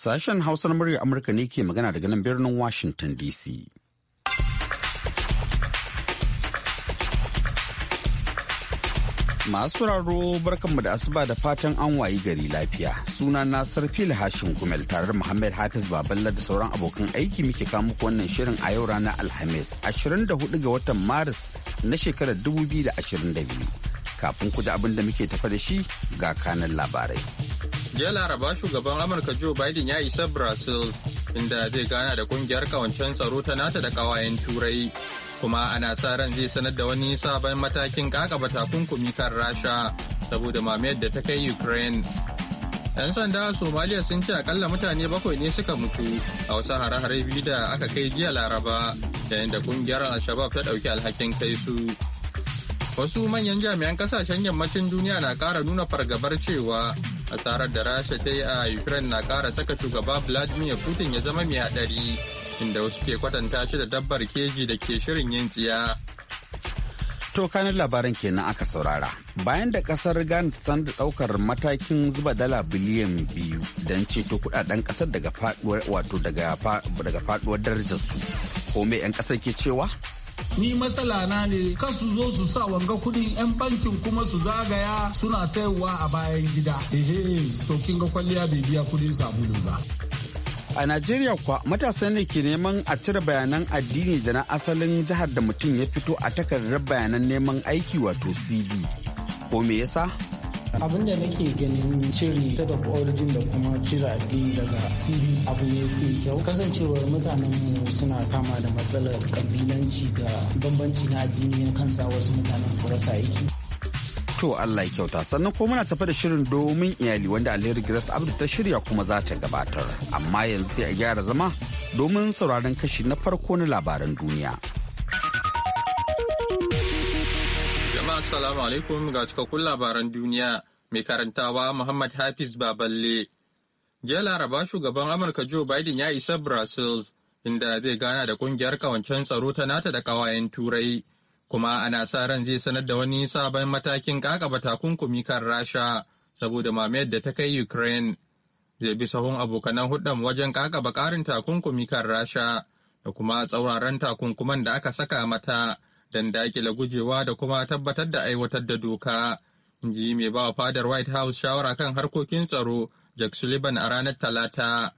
Sashen Hausa na murya Amurka ne ke magana daga nan birnin Washington DC. Masu raro barkanmu da asuba da fatan an wayi gari lafiya. Suna na Sarfi Lahashin Gumel tare da Muhammad Hafiz Baballa da sauran abokan aiki muke kawo muku wannan shirin a yau ranar Alhamis 24 ga watan Maris na shekarar 2022. Kafin ku da abin da muke tafa da shi ga kanan labarai. Jiya Laraba shugaban Amurka Joe Biden ya isa Brazil inda zai gana da kungiyar kawancen tsaro ta nata da kawayen turai. Kuma ana sa ran zai sanar da wani sabon matakin kakaba takunkumi kan Rasha saboda mamayar da ta kai Ukraine. 'Yan sanda a Somaliya sun ce akalla mutane bakwai ne suka mutu a wasu hare-hare biyu da aka kai jiya Laraba da yadda kungiyar Al-Shabab ta ɗauki alhakin kai su. Wasu manyan jami'an kasashen yammacin duniya na kara nuna fargabar cewa asarar da rasha ta yi a ukraine na kara saka shugaba vladimir putin ya zama mai hadari inda wasu ke kwatanta shi da dabbar keji da ke shirin yin tsiya to kanin labaran kenan aka saurara bayan da kasar ghana ta sanar da daukar matakin zuba dala biliyan biyu don ceto kudaden kasar daga faduwar wato daga faduwar darajar su ko me yan kasar ke cewa ni matsala na ne kar su zo su sa wanga kudin yan bankin kuma su zagaya suna sayarwa a bayan gida ehe to kin ga kwalliya bai biya kudin sabulu ba A Najeriya kuwa matasan ne ke neman a cire bayanan addini da na asalin jihar da mutum ya fito a takardar bayanan neman aiki wato CV. Ko me yasa? abin da nake ganin ciri ta da origin da kuma cire addini daga cv abu ne kyau kasancewar mutanen mu suna kama da matsalar kabilanci da bambanci na addini kansa wasu mutanen su rasa aiki to Allah ya kyauta sannan ko muna tafa da shirin domin iyali wanda alheri Grace Abdul ta shirya kuma za ta gabatar amma yanzu sai a gyara zama domin sauraron kashi na farko na labaran duniya. Assalamu alaikum ga cikakkun labaran duniya mai karantawa Muhammad Hafiz Baballe. Jiya Laraba shugaban Amurka Joe Biden ya isa Brussels inda zai gana da kungiyar kawancen tsaro ta nata da kawayen turai kuma ana sa ran zai sanar da wani sabon matakin kakaba takunkumi kan rasha saboda mamayar da ta kai ukraine zai bi sahun abokanan hudan wajen kakaba karin takunkumi kan rasha da kuma tsauraran takunkuman da aka saka mata don dakile gujewa da kuma tabbatar da aiwatar da doka ji mai ba wa fadar white house shawara kan harkokin tsaro jack sullivan a ranar talata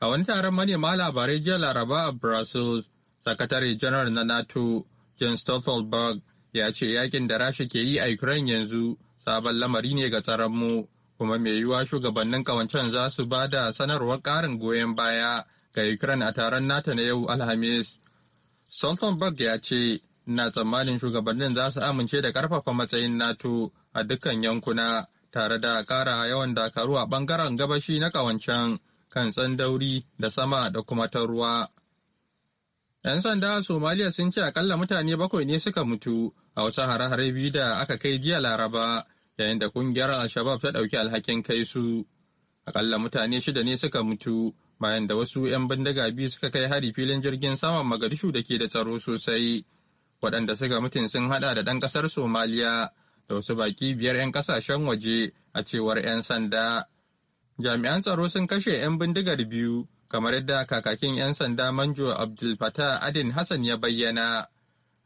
a wani taron manema labarai jiya laraba a brussels sakatare janar na nato john stoltenberg ya ce yakin da rasha ke yi a ukraine yanzu sabon lamari ne ga tsaronmu kuma mai yiwuwa shugabannin kawancen za su ba da sanarwar ƙarin goyon baya ga ukraine a taron nato na yau alhamis stoltenberg ya ce na tsammanin shugabannin za su amince da karfafa matsayin NATO a dukkan yankuna tare da kara yawan dakaru a bangaren gabashi na ƙawancen kan tsandauri da sama da kuma ta ruwa. 'Yan sanda a Somaliya sun ce akalla mutane bakwai ne suka mutu a wasu hare-hare biyu da aka kai jiya Laraba yayin da kungiyar Al-Shabab ta ɗauki alhakin kai su. Akalla mutane shida ne suka mutu bayan da wasu 'yan bindiga biyu suka kai hari filin jirgin saman Magadishu da ke da tsaro sosai waɗanda suka mutum sun haɗa da ɗan ƙasar somaliya da wasu baƙi biyar 'yan ƙasashen waje a cewar 'yan sanda jami'an tsaro sun kashe 'yan bindigar biyu kamar yadda kakakin 'yan sanda manjo abdul adin hassan ya bayyana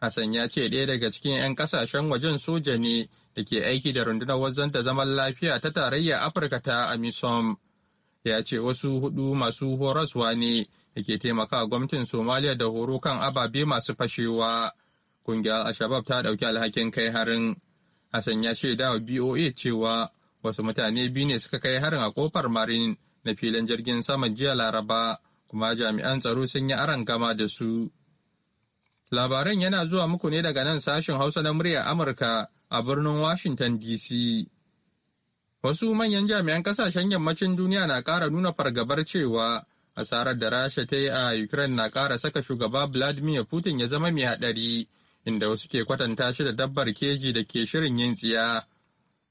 hassan ya ce ɗaya daga cikin 'yan ƙasashen wajen soja ne da ke aiki da rundunar wajen da zaman lafiya ta tarayya afirka ta amisom ya ce wasu hudu masu horaswa ne da ke taimaka gwamnatin somaliya da horo kan ababe masu fashewa Kungiyar Al-Shabab ta ɗauki alhakin kai harin. Hassan ya shaida wa BOA cewa wasu mutane biyu ne suka kai harin a kofar Marin na filin jirgin sama jiya Laraba kuma jami'an tsaro sun yi aron gama da su. Labaran yana zuwa muku ne daga nan sashen Hausa na murya Amurka a birnin Washington DC. Wasu manyan jami'an kasashen yammacin duniya na ƙara nuna fargabar cewa asarar da Rasha ta yi a Ukraine na ƙara saka shugaba Vladimir Putin ya zama mai haɗari inda wasu ke kwatanta shi da dabbar keji da ke shirin yin tsiya.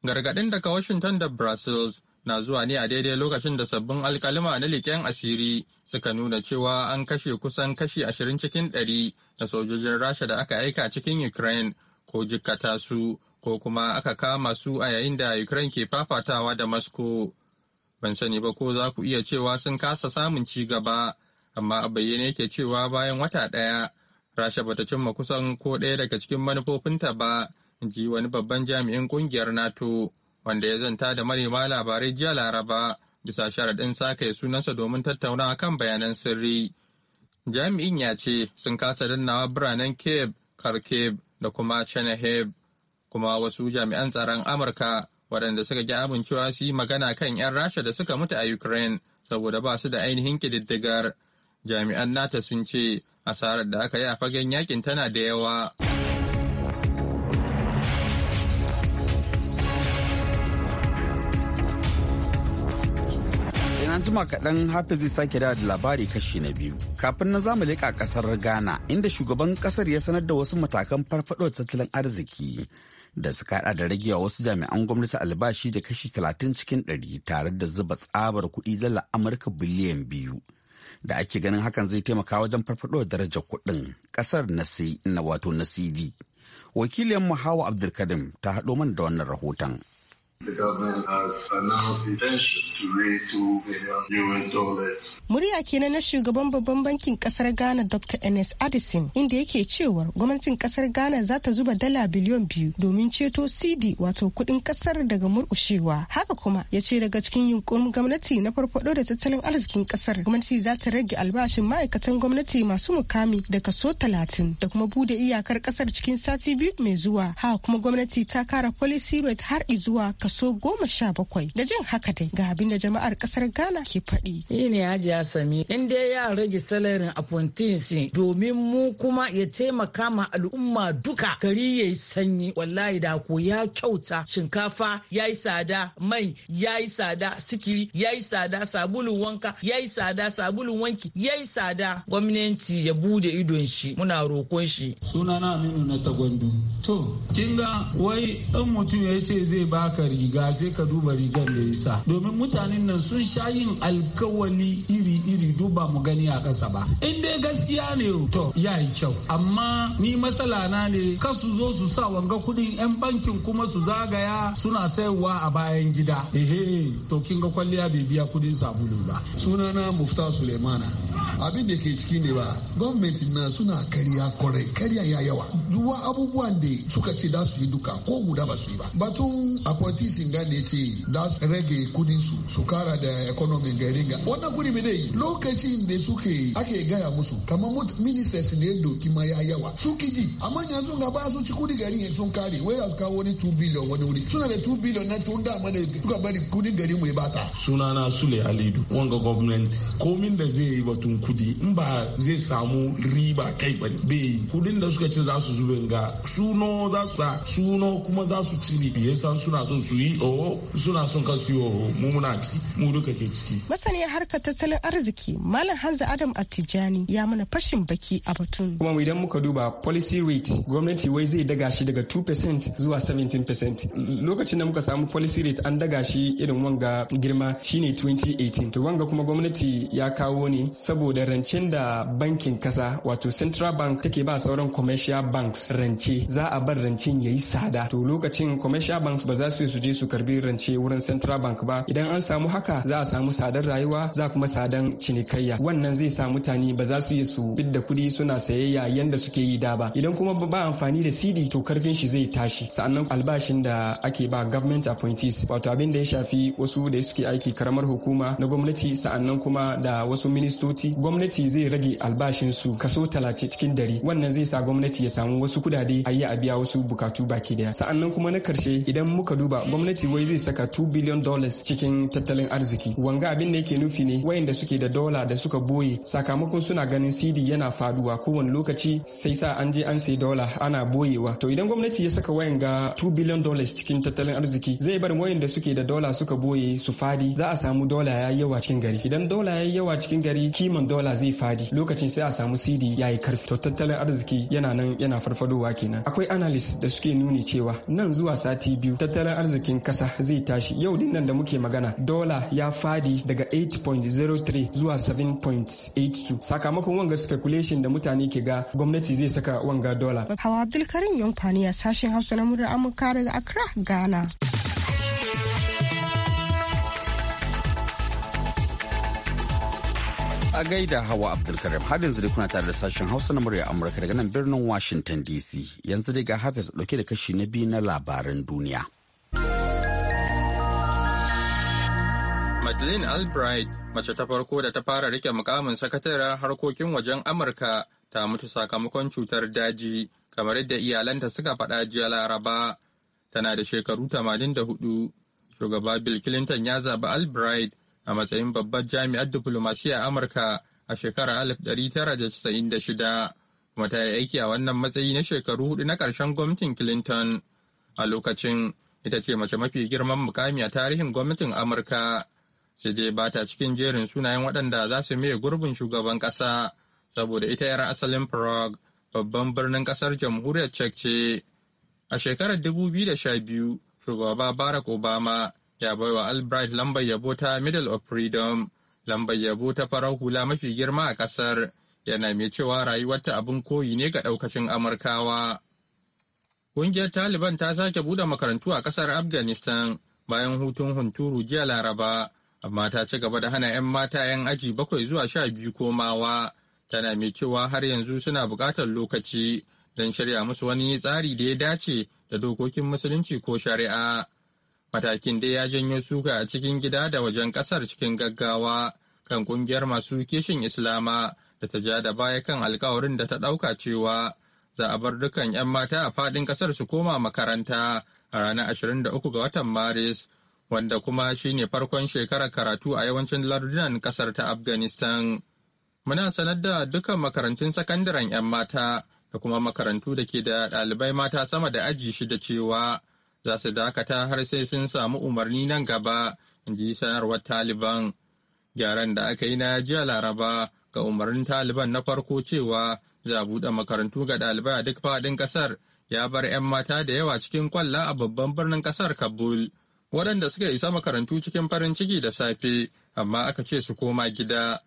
Gargaɗin daga Washington da Brussels na zuwa ne a daidai lokacin da sabbin alkalima na leƙen asiri suka nuna cewa an kashe kusan kashi ashirin cikin ɗari na sojojin Rasha da aka aika cikin Ukraine ko jikkata su ko kuma aka kama su a yayin da Ukraine ke fafatawa da Moscow. Ban sani ba ko za ku iya cewa sun kasa samun ci gaba, amma a bayyane yake cewa bayan wata ɗaya rasha bata cimma kusan ko ɗaya daga cikin manufofinta ba ji wani babban jami'in kungiyar nato wanda ya zanta da manema labarai jiya laraba bisa sharaɗin sake sunansa domin tattaunawa kan bayanan sirri jami'in ya ce sun kasa dannawa biranen Kebe, Karkeb da kuma chernihiv kuma wasu jami'an tsaron amurka waɗanda suka ki amincewa su yi magana kan 'yan rasha da suka mutu a ukraine saboda ba su da ainihin ƙididdigar jami'an nata sun ce asarar da aka yi a fagen yakin tana da yawa. Yana jima kaɗan Hafiz zai sake da labari kashi na biyu. Kafin na zamu leƙa ƙasar Ghana inda shugaban ƙasar ya sanar da wasu matakan farfaɗo tattalin arziki. da suka haɗa da rage wasu jami'an gwamnati albashi da kashi talatin cikin ɗari tare da zuba tsabar kuɗi dala amurka biliyan biyu da ake ganin hakan zai taimaka wajen farfaɗo darajar kuɗin ƙasar na wato na cd wakilin mu hawa abdulkadim ta haɗo mana da wannan rahoton Murya kenan na shugaban babban bankin kasar Ghana Dr. ns Addison inda yake cewar gwamnatin kasar Ghana za ta zuba dala biliyon biyu domin ceto CD wato kudin kasar daga murkushewa. Haka kuma ya ce daga cikin yunkurin gwamnati na farfado da tattalin arzikin kasar gwamnati za ta rage albashin ma'aikatan gwamnati masu mukami da kaso talatin da kuma bude iyakar kasar cikin sati biyu mai zuwa. Haka kuma gwamnati ta kara policy rate har izuwa kaso goma sha bakwai da jin haka dai ga abin da jama'ar kasar ghana ke faɗi. yi ne hajiya sami in dai ya rage salarin apprentice domin mu kuma ya taimaka ma al'umma duka gari ya yi sanyi wallahi da ko ya kyauta shinkafa ya yi tsada mai ya yi tsada sikiri ya yi tsada sabulun wanka ya yi tsada sabulun wanki ya yi tsada gwamnati ya bude idon shi muna roƙon shi. sunana aminu na tagwandu to kinga wai in mutum ya ce zai baka riga sai ka duba rigar da ya sa domin mutanen nan sun sha yin alkawali iri-iri duba mu gani a ƙasa ba in dai gaskiya ne to ya yi kyau amma ni matsala na ne kasu zo su sa wanga kudin 'yan bankin kuma su zagaya suna sayarwa a bayan gida ehe to kin ga kwalliya bai biya kudin sabulu ba sunana mufta sulemana abin da ke ciki ne ba gwamnati na suna kariya kwarai kariya ya yawa duwa abubuwan da suka ce da su yi duka ko guda ba su yi ba batun akwati kisin da ne ce da su rage kudin su su kara da economy gari ga wannan kudi me dai lokacin da suke ake gaya musu kamar ministers ne doki ma ya yawa su kiji amma yanzu ga baya sun ci kudi gari ya sun kare wai su kawo wani 2 billion wani wuri suna da 2 billion na tun da mana suka bari kudin garin mai bata sunana sule alidu wanga gwamnati komin da zai yi batun kudi in ba zai samu riba kai ba bai kudin da suka ce za su zube ga suno za su suno kuma za su cire yasan suna son su yi oho suna son ka yi oho mu muna ci mu duka ke ciki. Masaniyar harkar tattalin arziki Malam Hanza Adam atijani ya mana fashin baki a batun. Kuma idan muka duba policy rate gwamnati wai zai daga shi daga 2% zuwa 17%. Lokacin da muka samu policy rate an daga shi irin wanga girma shine 2018. To wanga kuma gwamnati ya kawo ne saboda rancen da bankin kasa wato Central Bank take ba sauran commercial banks rance za a bar rancen yayi tsada To lokacin commercial banks ba za su yi su je su karbi rance wurin central bank ba idan an samu haka za a samu sadar rayuwa za kuma sadan cinikayya wannan zai sa mutane ba za su yi su bidda kuɗi suna sayayya yanda suke yi da ba idan kuma ba amfani da cd to karfin shi zai tashi sannan albashin da ake ba government appointees wato abin da ya shafi wasu da suke aiki karamar hukuma na gwamnati sa'annan kuma da wasu ministoci gwamnati zai rage albashin su kaso talatin cikin dare wannan zai sa gwamnati ya samu wasu kudade a yi a biya wasu bukatu baki daya sa'annan kuma na karshe idan muka duba gwamnati wai zai saka 2 billion dollars cikin tattalin arziki wanga abin da yake nufi ne wayan da suke da dola da suka boye sakamakon suna ganin cd yana faduwa kowane lokaci sai sa an je an sai dola ana boyewa to idan gwamnati ya saka wayan ga 2 billion dollars cikin tattalin arziki zai bar wayanda suke da dola suka boye su fadi za a samu dola ya yawa cikin gari idan dola ya yawa cikin gari kiman dola zai fadi lokacin sai a samu cd yayi karfi to tattalin arziki yana nan yana farfadowa kenan akwai analyst da suke nuni cewa nan zuwa sati biyu tattalin arziki arzikin kasa zai tashi yau din nan da muke magana dola ya fadi daga 8.03 zuwa 7.82 sakamakon wanga speculation da mutane ke ga gwamnati zai saka wanga dola hawa abdulkarim yonfani a sashen hausa na murar amurka daga accra ghana a gaida hawa abdulkarim har yanzu dai kuna tare da sashen hausa na murya amurka daga nan birnin washington dc yanzu dai ga hafiz dauke da kashi na biyu na labaran duniya Madeleine Albright, mace ta farko da ta fara rike mukamin sakataren harkokin wajen Amurka, ta mutu sakamakon cutar daji, kamar yadda iyalanta suka faɗa jiya Laraba. Tana da shekaru 84. Shugaba Bill Clinton ya zaɓi Albright a matsayin babbar jami'ar a Amurka a shekarar 1996, kuma ta yi aiki a wannan matsayi na shekaru hudu na ƙarshen gwamnatin Clinton. A lokacin, ita ce mace mafi girman mukami a tarihin gwamnatin Amurka. sai dai ba ta cikin jerin sunayen waɗanda za su miye gurbin shugaban ƙasa saboda ita 'yar asalin prague babban birnin ƙasar jamhuriyar czech ce a shekarar 2012 shugaba barack obama ya baiwa albright lambar yabo ta middle of freedom lambar yabo ta farar hula mafi girma a ƙasar yana mai cewa rayuwarta abin koyi ne ga ɗaukacin amurkawa ƙungiyar taliban ta sake buɗe makarantu a ƙasar afghanistan bayan hutun hunturu jiya laraba amma ta ci gaba da hana 'yan mata 'yan aji bakwai zuwa sha biyu komawa tana mai cewa har yanzu suna buƙatar lokaci don shirya musu wani tsari da ya dace da dokokin musulunci ko shari'a matakin dai ya janyo suka a cikin gida da wajen ƙasar cikin gaggawa kan ƙungiyar masu kishin islama da ta ja da baya kan alkawarin da ta ɗauka cewa za a bar dukkan 'yan mata a faɗin ƙasar su koma makaranta a ranar 23 ga watan maris wanda kuma shine farkon shekarar karatu a yawancin lardunan kasar ta afghanistan muna sanar da dukkan makarantun sakandaren 'yan mata da kuma makarantu da ke da ɗalibai mata sama da aji shi da cewa za su dakata har sai sun samu umarni nan gaba in ji sanarwar taliban gyaran da aka yi na jiya laraba ga umarnin taliban na farko cewa za buɗe makarantu ga ɗalibai a duk faɗin ƙasar ya bar 'yan mata da yawa cikin kwalla a babban birnin ƙasar kabul waɗanda suka isa makarantu cikin farin ciki da safe amma aka ce su koma gida.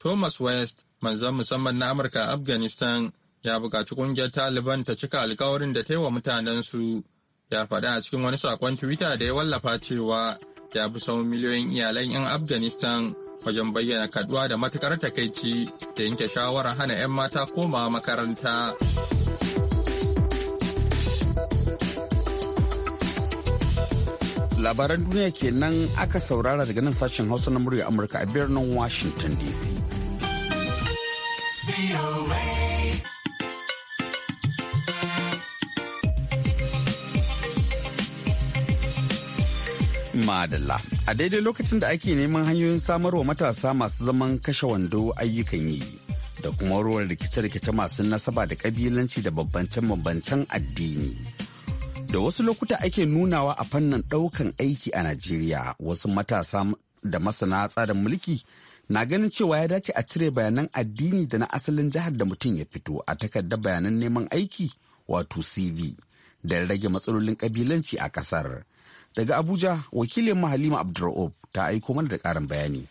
Thomas West, manzan musamman na Amurka a Afghanistan, ya buƙaci ƙungiyar Taliban ta cika alkawarin da ta yi wa mutanensu. Ya faɗa a cikin wani saƙon Twitter da ya wallafa cewa ya bi sau miliyoyin iyalan 'yan Afghanistan wajen bayyana kaduwa da matukar takaici da yanke shawarar hana 'yan mata komawa makaranta. labaran duniya kenan aka saurara daga nan sashen hausa na murya amurka a birnin washington dc madalla a daidai lokacin da ake neman hanyoyin samarwa matasa masu zaman kashe wando ayyukan yi da kuma ruwan rikice-rikice masu nasaba da kabilanci da babbancen-babbancen addini da wasu lokuta ake nunawa a fannin ɗaukan aiki a Najeriya wasu matasa da masana tsarin mulki na ganin cewa ya dace a cire bayanan addini da na asalin jihar da mutum ya fito a takardar bayanan neman aiki wato CV da rage matsalolin kabilanci a kasar. Daga Abuja, wakilin Mahalima Abdur'ub ta aiko mana da ƙarin bayani.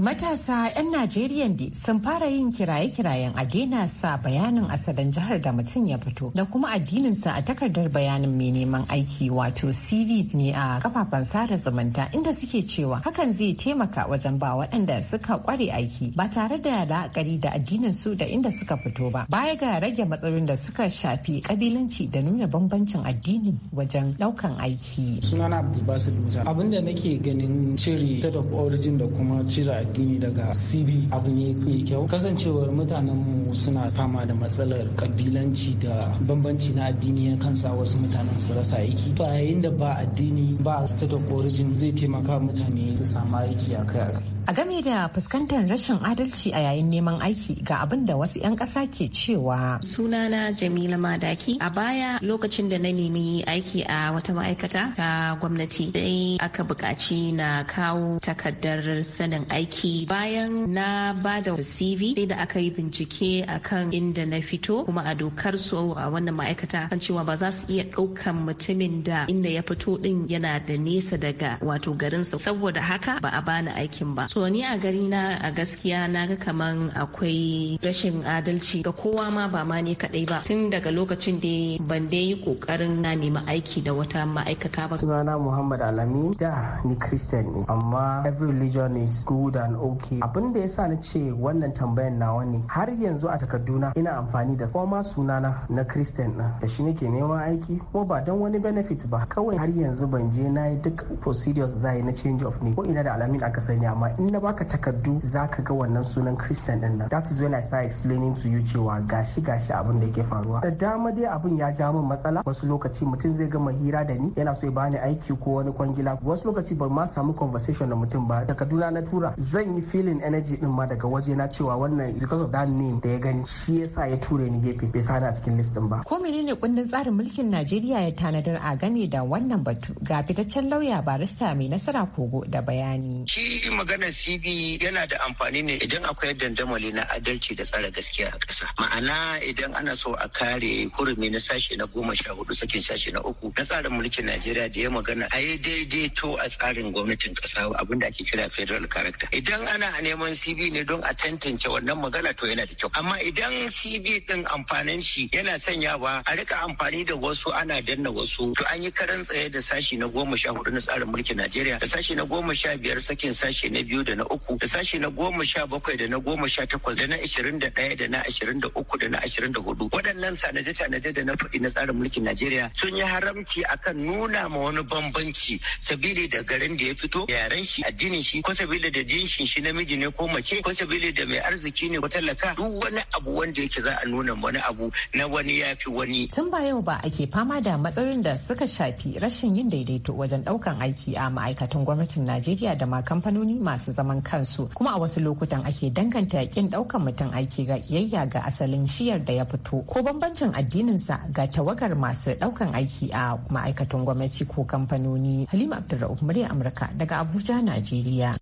Matasa 'yan Najeriya da sun fara yin kiraye-kirayen a sa bayanin asalin jihar da mutum ya fito da kuma addininsa a takardar bayanin mai neman aiki wato CV ne a kafafen sada zumunta inda suke cewa hakan zai taimaka wajen ba waɗanda suka kware aiki ba tare da la'akari da addinin su da inda suka fito ba. Baya ga rage matsalolin da suka shafi kabilanci da nuna bambancin addini wajen ɗaukan aiki. Sunana Abdulbasir Musa abinda nake ganin cire state of origin da kuma cire gini daga cb abu ne mai kyau kasancewar mutanenmu suna fama da matsalar kabilanci da bambanci na addini ya kansa wasu mutanen su rasa aiki bayan da ba addini ba state of origin zai taimaka mutane su samu aiki akai-akai A game da fuskantar rashin adalci a yayin neman aiki ga abin da wasu 'yan ƙasa ke cewa. Sunana Jamila Madaki a baya lokacin da na nemi aiki a wata ma'aikata ta gwamnati dai aka bukaci na kawo takardar sanin aiki bayan na ba da CV sai da aka yi bincike a kan inda na fito kuma a dokar su a wannan ma'aikata kan cewa ba za su iya ɗaukan mutumin da inda ya fito din yana da nesa daga wato garinsa saboda haka ba a bani aikin ba. So To ni a gari na a gaskiya na ga kaman akwai rashin adalci ga kowa ma ba ma ne kadai ba. Tun daga lokacin da ban dai yi kokarin na nemi aiki da wata ma'aikata ba. Sunana Muhammad Alami da ni Christian ne amma every religion is good and okay. Abin da yasa na ce wannan tambayan nawa ne har yanzu a takarduna ina amfani da foma sunana na Christian na da shi nake neman aiki ko ba don wani benefit ba kawai har yanzu ban je na yi duk procedures zai na change of name ko ina da alamin aka sani amma in na baka takardu ka ga wannan sunan christian din nan that is when i start explaining to you cewa gashi gashi abin da yake faruwa da dama dai abin ya ja min matsala wasu lokaci mutum zai gama hira da ni yana so ya bani aiki ko wani kwangila wasu lokaci ban ma samu conversation da mutum ba takaduna na tura zan yi feeling energy din ma daga waje na cewa wannan because of that name da ya gani shi yasa ya ture ni gefe bai sani a cikin list din ba ko menene kundin tsarin mulkin Najeriya ya tanadar a game da wannan batu ga fitaccen lauya barista mai nasara kogo da bayani shi magana wannan cv yana da amfani ne idan akwai dandamali na adalci da tsara gaskiya a ƙasa ma'ana idan ana so a kare kurumi na sashe na goma sha hudu sakin sashe na uku na tsarin mulkin najeriya da ya magana a yi daidaito a tsarin gwamnatin ƙasa abin da ake kira federal character idan ana neman cv ne don a tantance wannan magana to yana da kyau amma idan cv din amfanin shi yana sanyawa a rika amfani da wasu ana danna wasu to an yi karan tsaye da sashi na goma sha hudu na tsarin mulkin najeriya da sashi na goma sha biyar sakin sashi na biyu biyu da na uku da sashi na goma sha bakwai da na goma sha takwas da na ashirin da ɗaya da na ashirin da uku da na ashirin da hudu waɗannan sanaje sanaje da na faɗi na tsarin mulkin Najeriya sun yi haramci akan nuna ma wani bambanci sabili da garin da ya fito yaren shi addinin shi ko sabili da jinshin shi namiji ne ko mace ko sabili da mai arziki ne ko talaka duk wani abu wanda yake za a nuna wani abu na wani ya fi wani. Tun ba yau ba ake fama da matsalolin da suka shafi rashin yin daidaito wajen ɗaukan aiki a ma'aikatan gwamnatin Najeriya da ma kamfanoni masu su zaman kansu kuma a wasu lokutan ake danganta yakin daukan mutum aiki ga kiyayya ga asalin shiyar da ya fito ko bambancin addininsa ga tawagar masu daukan aiki a ma'aikatan gwamnati ko kamfanoni halima abdulrahman murya amurka daga abuja najeriya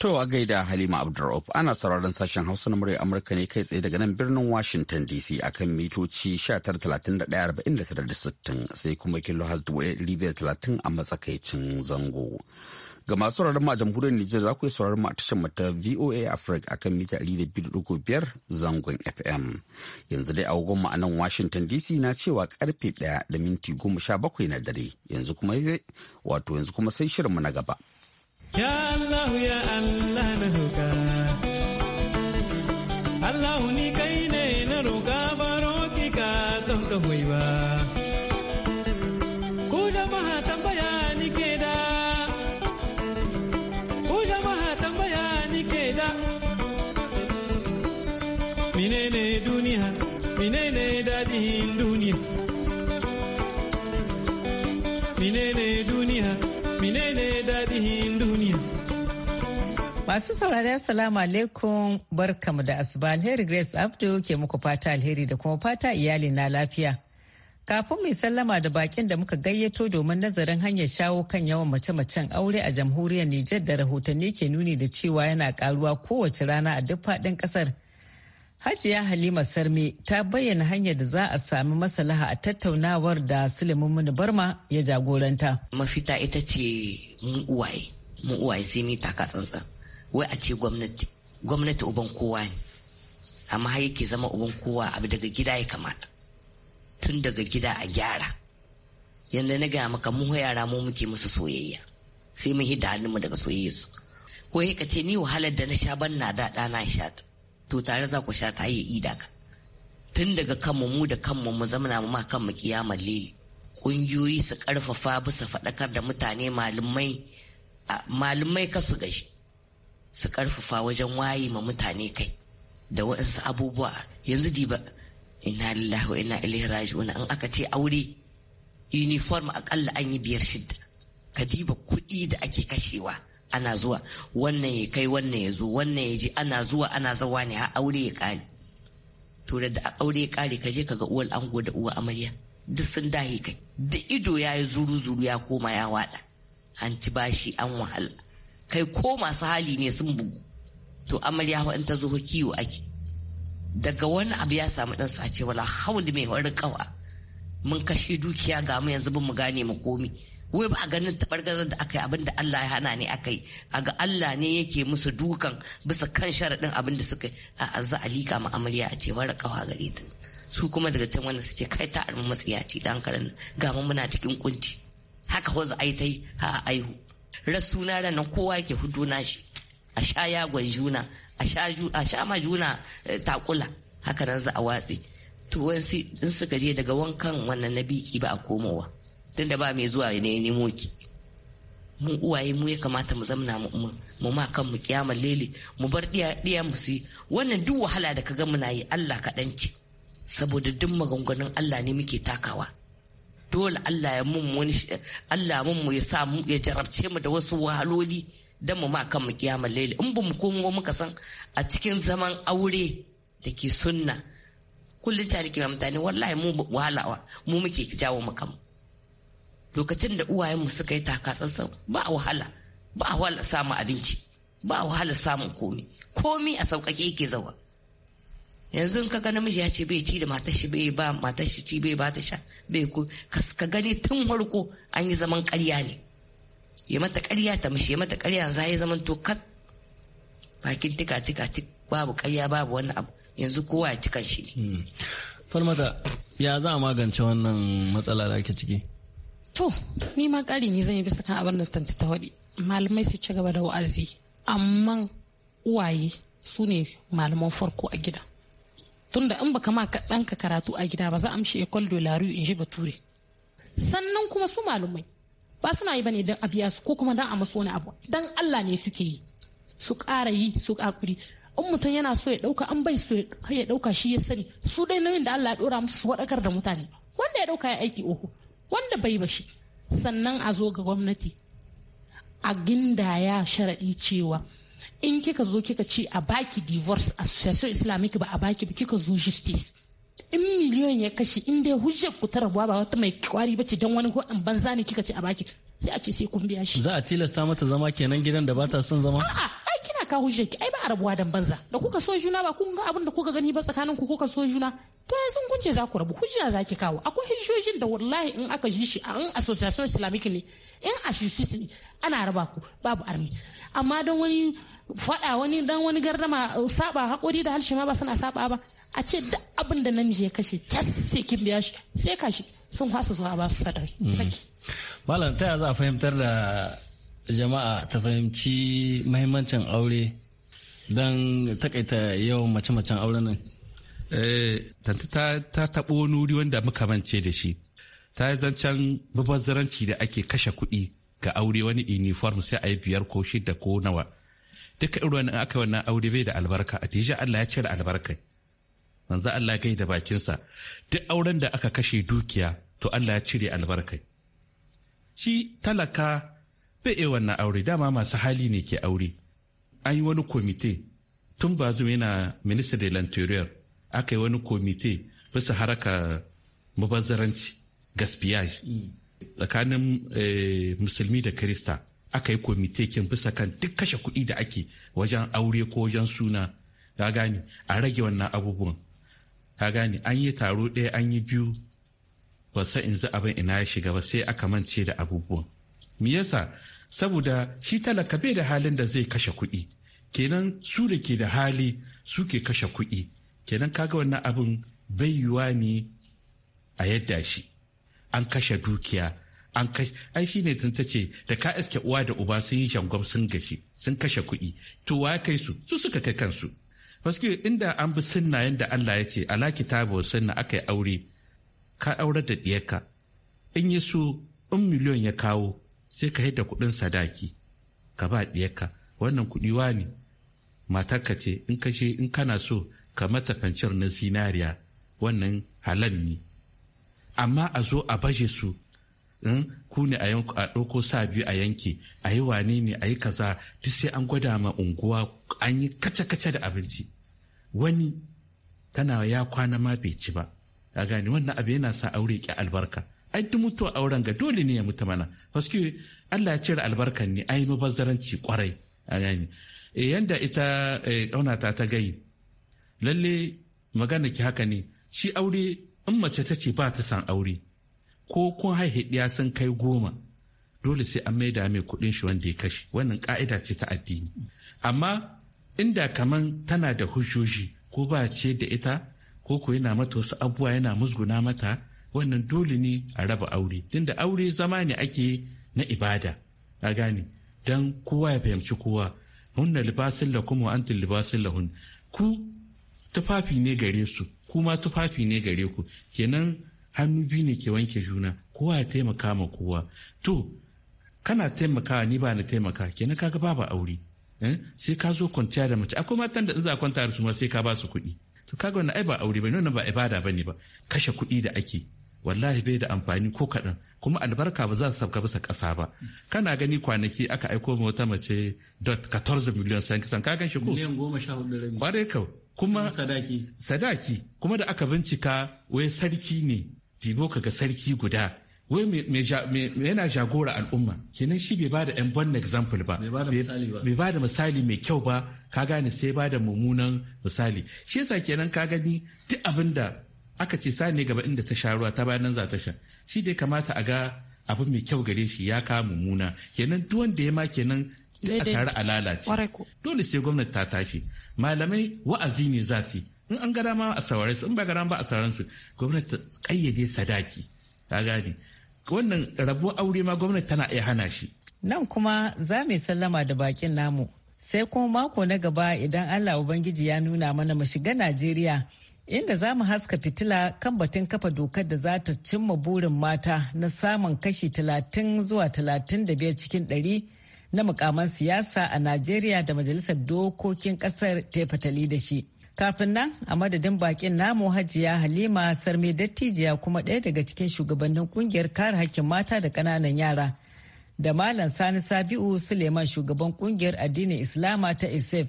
To a gaida Halima abdulrahman ana sauraron sashen Hausa na murya Amurka ne kai tsaye daga nan birnin Washington DC akan mitoci 1931 sai kuma kilo has 1530 a matsakaicin zango. Ga masu sauraron ma jamhuriyar Nijar za ku yi sauraron ma a tashar mu ta VOA Africa akan mita 200.5 zangon FM. Yanzu dai agogon ma a nan Washington DC na cewa karfe 1 da minti 17 na dare. Yanzu kuma wato yanzu kuma sai shirin mu na gaba. Ya Allah ya Allah na roka. Allah ni kai ne na roka baro ki ka don ka menene duniya menene daɗin daɗin duniya Masu saurari Assalamu alaikum barkamu da asuba alheri Grace Abdu ke muku fata alheri da kuma fata iyali na lafiya. Kafin mai sallama da bakin da muka gayyato domin nazarin hanyar shawo kan yawan mace-macen aure a jamhuriyar Nijar da rahotanni ke nuni da cewa yana karuwa kowace rana a duk faɗin ƙasar. Hajiya Halima Sarmi ta bayyana hanyar da za a sami masalaha a tattaunawar da Suleiman Muni Barma ya jagoranta. Mafita ita ce mu uwaye, mu uwaye sai mita taka tsantsan. Wai a ce gwamnati, gwamnati uban kowa ne. Amma har yake zama uban kowa abu daga gida ya kamata. Tun daga gida a gyara. Yanda na gaya maka mu yara mu muke musu soyayya. Sai mun hidda hannunmu daga soyayya su. Ko ka ce ni wahalar da na sha ban na da ɗana ya sha ta. to tare za ku sha ta yi ida ka tun daga kanmu mu da kanmu mu zamana mu ma kanmu kiyamar lili ƙungiyoyi su ƙarfafa bisa faɗakar da mutane malumai malumai su gashi su karfafa wajen waye ma mutane kai da waɗansu abubuwa yanzu diba ina lillahi wa ina ilaihi raji'un an aka ce aure uniform akalla an yi biyar shidda ka diba kuɗi da ake kashewa ana zuwa wannan ya kai wannan ya zo wannan ya je ana zuwa ana zawa ne a aure ya kare to da aure ya kare ka je ka ga uwar ango da uwa amarya duk sun dahi kai da ido ya yi zuru zuru ya koma ya wada an ci bashi an wahala kai ko masu hali ne sun bugu to amarya in ta zo kiwo ake daga wani abu ya samu dan sace wala haul mai wani kawa mun kashe dukiya ga mu yanzu bin mu gane mu komi wai ba a ganin tabargazar da aka yi abin da Allah ya hana ne aka yi a ga Allah ne yake musu dukan bisa kan sharaɗin abin da suka a azza alika ma amarya a ce wara kawa gare ta su kuma daga can wanda suke kai ta armi matsiya ce dan karan ga mu muna cikin kunci haka wasu ai ta yi ha aihu rasuna rana kowa yake hudu shi, a sha yagon juna a sha ma juna eh, takula haka nan za a watsi to wai in suka je daga wankan wannan na biki ba a komowa tun da ba mai zuwa ne nemo ki mu uwaye mu ya kamata mu zamna mu ma kan mu kiyama lele mu bar diya mu su wannan duk wahala da ka ga muna yi Allah ka ce saboda duk maganganun Allah ne muke takawa dole Allah ya mun wani Allah mun mu ya sa mu ya jarabce mu da wasu wahaloli dan mu ma kan mu kiyama lele in ba mu komo mu muka san a cikin zaman aure da ke sunna kullum tare ke mutane wallahi mu wahala mu muke jawo mu kanmu lokacin da uwayenmu suka yi takatsantsan ba a wahala ba a wahala samun abinci ba a wahala samun komi komi a sauƙaƙe yake zawa yanzu ka ga namiji ya ce bai ci da matar shi bai ba matar shi ci bai ba ta sha bai ko ka gani tun farko an yi zaman ƙarya ne ya mata ƙarya ta mishi ya mata ƙarya za ya zaman to kat bakin tika tika tik babu ƙarya babu wani abu yanzu kowa ya ci kan shi ne. Hmm. Falmata ya za a magance wannan matsala da ake ciki? To, ni ma ƙari ne zan yi bisa kan abin da tanti ta waɗi. Malamai su ci gaba da wa'azi, amma uwaye su ne malaman farko a gida. Tunda in baka ma ka ɗanka karatu a gida ba za a amshi ekol rue in ji bature. Sannan kuma su malamai ba suna yi bane don abiya su ko kuma don a masu wani abu. Dan Allah ne suke yi. Su ƙara yi su ƙakuri. in mutum yana so ya dauka an bai so ya ɗauka shi ya sani su dai nauyin da Allah ya dora musu su wadakar da mutane wanda ya ɗauka ya aiki oho wanda bai bashi sannan a zo ga gwamnati a gindaya sharaɗi cewa in kika zo kika ci a baki divorce association islamic ba a baki ba kika zo justice in miliyon ya kashe in dai hujjar ku ta rabuwa ba wata mai kwari bace dan wani an banza ne kika ci a baki sai a ce sai kun biya shi za a tilasta mata zama kenan gidan da ba ta son zama a'a ka hujjar ki ai ba a rabuwa dan banza da kuka so juna ba kun ga abin da kuka gani ba tsakanin ku kuka so juna to ya sun kunce za ku rabu hujja za ki kawo akwai hujjojin da wallahi in aka ji shi a in association islamic ne in a shi ana raba ku babu armi amma don wani faɗa wani dan wani gardama saba hakuri da harshe ma ba suna saba ba a ce duk abin da namiji ya kashe cas sai kin biya shi sai kashi sun kwasa zuwa ba su sadari mm. saki malam ta za a fahimtar da jama'a ta fahimci mahimmancin aure don takaita yawan mace-macen auren nan? Eh, Tantu ta taɓo nuri wanda muka mance da shi. Ta yi zancen babazzaranci da ake kashe kuɗi ga aure wani uniform sai a yi biyar ko shida ko nawa. Duka irin wani aka wannan aure bai da albarka a deja Allah ya cire albarkai. Manzo Allah gai da bakinsa. Duk auren da aka kashe dukiya to Allah ya cire albarkai. Shi talaka bai wannan aure dama masu hali ne ke aure an yi wani komite tun bazum yana minister de l'interior aka yi wani komite bisa haraka mabazaranci gaspiyaj mm. tsakanin eh, musulmi da kirista aka yi komite kin bisa kan duk kashe kuɗi da ake wajen aure ko wajen suna ka gane a rage wannan abubuwan ka gane an yi taro ɗaya an yi biyu ba sa in za abin ina ya shiga ba sai aka mance da abubuwan me yasa saboda shi talaka bai da halin da zai kashe kuɗi kenan su da ke da hali su ke kashe kuɗi kenan kaga wannan abin bai yiwa ne a yadda shi an kashe dukiya an kashe ai shine tun ta da ka iske uwa da uba sun yi shangwam sun gashi sun kashe kuɗi to wa kai su su suka kai kansu Paske inda an bi sunna yadda Allah ya ce ala kitabu sunna aka yi aure ka aurar da ɗiyarka in yi su in miliyon ya kawo sai ka yadda kuɗin sadaki ka ba ɗiyarka wannan kuɗi wani matarka ce in ka ce in kana so ka mata fancir na zinariya wannan halal ne amma a zo a bashe su in hmm, ku ne a ɗauko sa biyu a yanke a yi wane ne a yi kaza duk sai an gwada ma unguwa an yi kace-kace da abinci wani tana ya kwana ma bai ci ba a gani wannan abu yana sa aure ki albarka ai duk mutuwa auren ga dole ne ya mutu mana paske Allah ya cire albarkan ne ai mubazzaranci kwarai a gani eh, yanda ita kaunata eh, ta gai lalle magana ki haka ne shi aure in mace ta ce ba ta san aure ko kun haihe ɗiya sun kai goma dole sai an maida mai kuɗin shi wanda ya kashe wannan ka'ida ce ta addini amma inda kaman tana da hujjoji ko ba ce da ita ko ko yana mata wasu abubuwa yana musguna mata wannan dole ne a raba aure tunda aure zama ne ake na ibada a gane don kowa ya fahimci kowa hunna libasin la kuma tun libasin la hun ku tufafi ne gare su kuma tufafi ne gare ku kenan hannu biyu ne ke wanke juna kowa ya taimaka ma kowa to kana taimakawa ni ba na taimaka kenan kaga babu aure eh? sai ka zo kwanciya da mace akwai matan da in za a kwanta da su ma sai ka ba su kuɗi to kaga wannan ai ba aure bane wannan ba ibada ba ne ba kashe kuɗi da ake wallahi bai da amfani ko kaɗan kuma albarka ba za su sauka bisa ƙasa ba kana gani kwanaki aka aiko ma wata mace dot 14 miliyan san kisan ka gan shi ko miliyan goma sha hudu rabi kwarai kau kuma sadaki sadaki kuma da aka bincika wai sarki ne ka ga sarki guda wai yana jagora al'umma kenan shi bai bada yan bon example ba bai bada misali mai kyau ba ka gane sai bada mummunan misali shi yasa kenan ka gani duk abin da aka ce sani gaba inda ta sha ruwa ta bayan nan za ta sha shi dai kamata a ga abu mai kyau gare shi ya kawo mummuna kenan duk wanda ya ma kenan a tare a lalace dole sai gwamnati ta tashi malamai wa'azi ne za su in an gara ma a saurare in ba gara ba a saurare gwamnati ta kayyade sadaki ta gane wannan rabuwar aure ma gwamnati tana iya hana shi nan kuma za mu sallama da bakin namu sai kuma mako na gaba idan Allah Ubangiji ya nuna mana mu shiga Najeriya inda za mu haska fitila kan batun kafa dokar da za ta cimma burin mata na samun kashi 30 zuwa 35 cikin 100 na mukaman siyasa a Najeriya da Majalisar Dokokin Kasar ta fatali da shi. Kafin nan a madadin bakin namu hajiya Halima Sarmi Dattijiya kuma ɗaya daga cikin shugabannin kungiyar kare hakkin mata da ƙananan yara. Da Malam Sani Sabiu Suleiman shugaban kungiyar addinin Islama ta ISEF.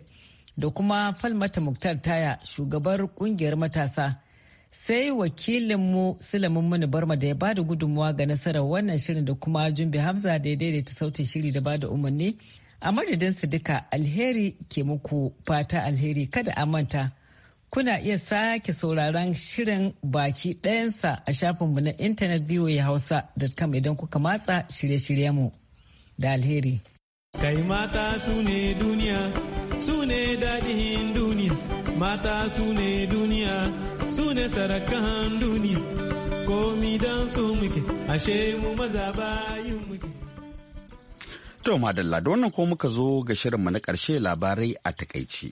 da kuma falmata muktar taya shugabar kungiyar matasa sai wakilinmu silamin mini barma da ya bada gudunmuwa ga nasarar wannan shirin da kuma jumbe hamza da ya daidaita sautin shiri da bada umarni a madadin su duka alheri ke muku fata alheri kada a manta kuna iya sake sauraron shirin baki ɗayansa a shafinmu na intanet voa hausa.com idan kuka matsa shirye-shiryenmu da alheri kai mata su duniya sune ne daɗin duniya mata su duniya sune ne sarakan duniya komi don su muke ashe mu maza bayin muke To madalla da wannan ko muka zo ga shirin mu na ƙarshe labarai a takaici.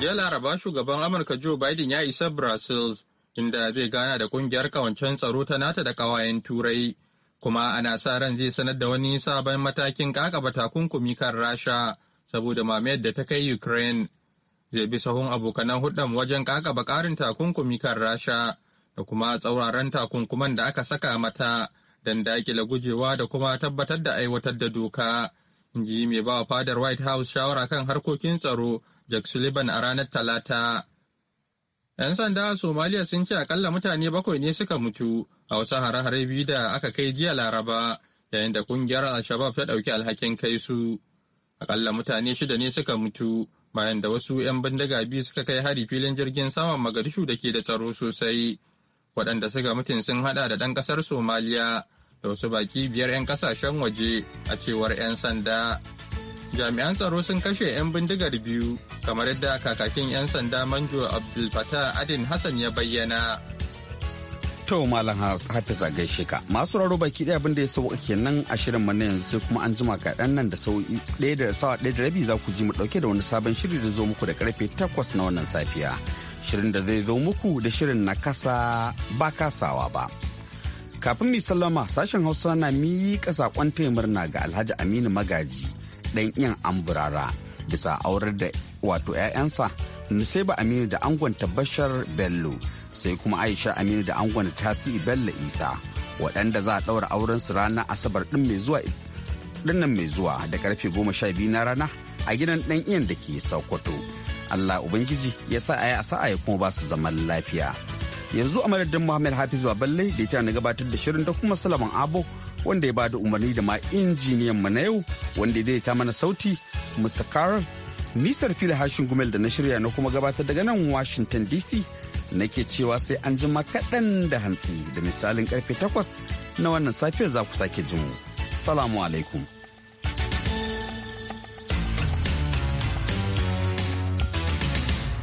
Jiya laraba shugaban Amurka Joe Biden ya isa Brazil inda zai gana da kungiyar kawancen tsaro ta nata da kawayen turai kuma ana sa ran zai sanar da wani sabon matakin kakaba takunkumi kan rasha saboda mamayar da ta kai ukraine zai bi sahun abokanan hudan wajen kakaba karin takunkumi kan rasha da kuma tsauraran takunkuman da aka saka mata don dakile gujewa da kuma tabbatar da aiwatar da doka in ji mai ba fadar white house shawara kan harkokin tsaro jack sullivan a ranar talata 'Yan sanda a Somaliya sun ce akalla mutane bakwai ne suka mutu a wasu hare-hare biyu da aka kai jiya Laraba yayin da kungiyar Al-Shabab ta ɗauki alhakin kai su. Akalla mutane shida ne suka mutu bayan da wasu 'yan bindiga biyu suka kai hari filin jirgin saman Magadishu da ke da tsaro sosai. Waɗanda suka mutun sun haɗa da ɗan ƙasar Somaliya da wasu baki biyar 'yan ƙasashen waje a cewar 'yan sanda. jami'an tsaro sun kashe 'yan bindigar biyu kamar yadda kakakin 'yan sanda manjo abdul adin hassan ya bayyana to malam hafiz a gaishe ka masu raro baki daya abinda ya sauka kenan a shirin na yanzu sai kuma an jima kaɗan nan da sau'i ɗaya da sawa ɗaya da rabi za ku ji mu ɗauke da wani sabon shiri da zo muku da karfe takwas na wannan safiya shirin da zai zo muku da shirin na kasa ba kasawa ba kafin mi sallama sashen hausa na miƙa saƙon taya ga alhaji aminu magaji dan yin amburara bisa aurar da wato 'ya'yansa ba aminu da angon tabbashar bello sai kuma aisha aminu da angon tasi bello isa waɗanda za a ɗaura auren su rana asabar ɗin mai zuwa ɗinnan mai zuwa da karfe goma sha biyu na rana a gidan ɗan iyan da ke sokoto allah ubangiji ya sa a yi sa'a ya kuma ba su zaman lafiya yanzu a madadin muhammad hafiz baballe da ya na gabatar da shirin da kuma salaman abo wanda ya bada umarni da ma injiniyan mu na yau wanda ya ta mana sauti Mr. Carl Nisar fili hashin gumel da na shirya na kuma gabatar daga nan Washington DC nake cewa sai an jima kaɗan da hantsi da misalin karfe takwas na wannan safiyar za ku sake jin mu. Salamu alaikum.